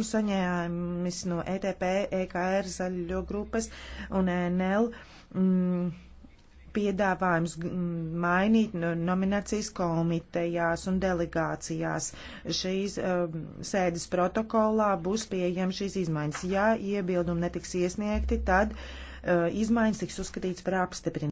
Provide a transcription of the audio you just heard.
Nu, saņēmis no ETP, EKR, Zaļo grupas un NL. Mm, piedāvājums mm, mainīt nominācijas komitejās un delegācijās. Šīs um, sēdes protokolā būs pieejama šīs izmaiņas. Ja iebildumi netiks iesniegti, tad uh, izmaiņas tiks uzskatīts par apstiprinātu.